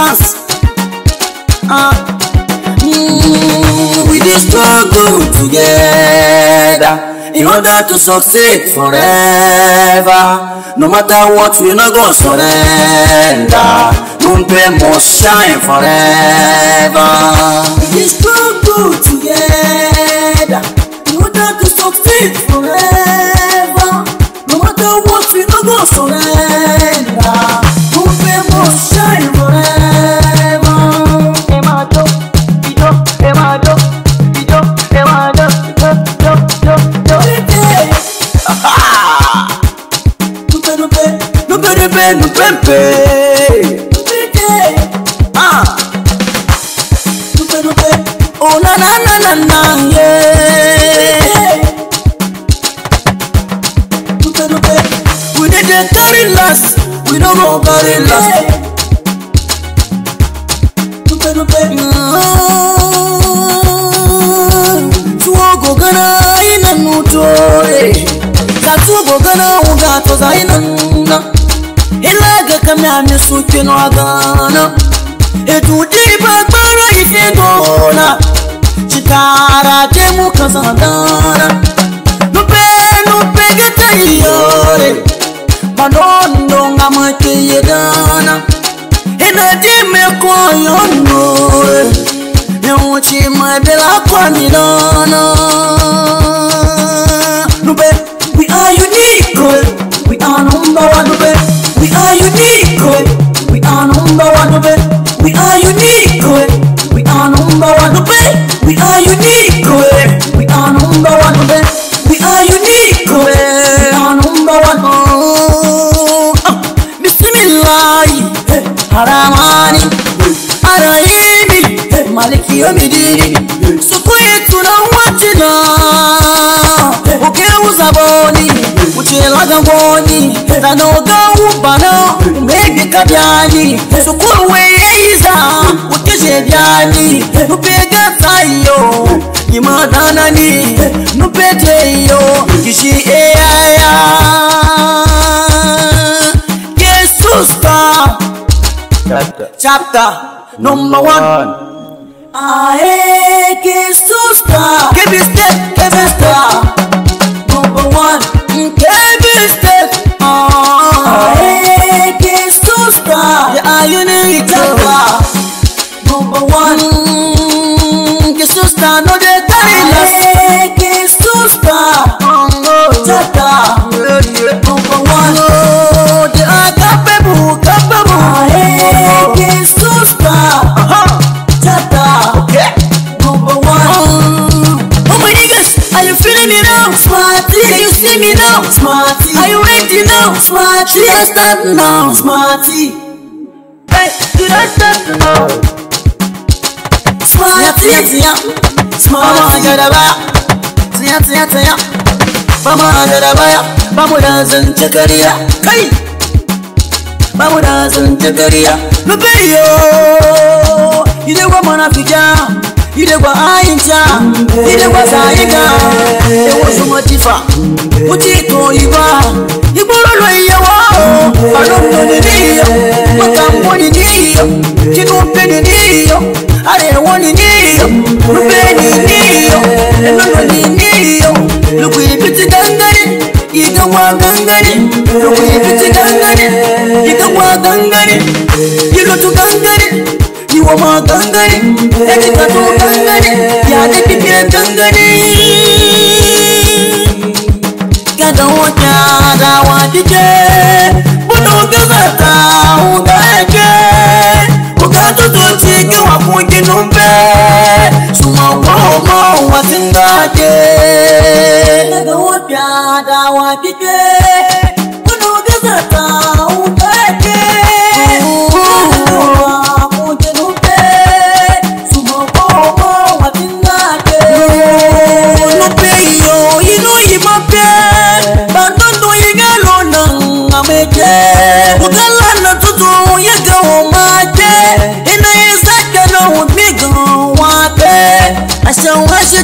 dance. Uh, mm, we dey struggle together in order to succeed forever. No matter what, we no go surrender. Mumpe must shine forever. We dey struggle together. yenu pepe Tuogogana ina nuto eh. Tatuogogana ugato za ina nuto kamya mi suke no gana etu di bagbara ife dona chitara je mu kazadana nupe nupe gete yore manondo nga mwete yedana ina e di me koyo no e uchi mwe bila kwa milana maliki yomidini siku hii tunauatina ukeuza boni uchelaga ngoni tanoga ubano umegeka byani sukuru weyeiza uteje byani nupega tayo imadanani nupeteyo kishi eyaya yesusta chapter, chapter number one, one. Ae ki susta, kebi step, kebi star Number one, kebi step you don't stop now. Smarty. Hey, you don't stop now. Smarty. Tiyan tiyan. Ọmọ jaraba. Tiyan tiyan tiyan. Ọmọ jaraba ya. Bamu da zance kariya. Kai. Bamu da zance kariya. Lupe yo. Ide gwa manafika. Ide gwa ainja. Ide gwa sayika. Ewo sumo tifa. Muti to iba. Igboro. money need you, no penny need you, and no money need you. Look where you put it down, you don't want gangari. Look where you put it down, you don't want gangari. to gangari. You are my gangari. Every time mai je ku kalla na tutu ya ga ma je ina yin sake na hudu ga wate a shan washe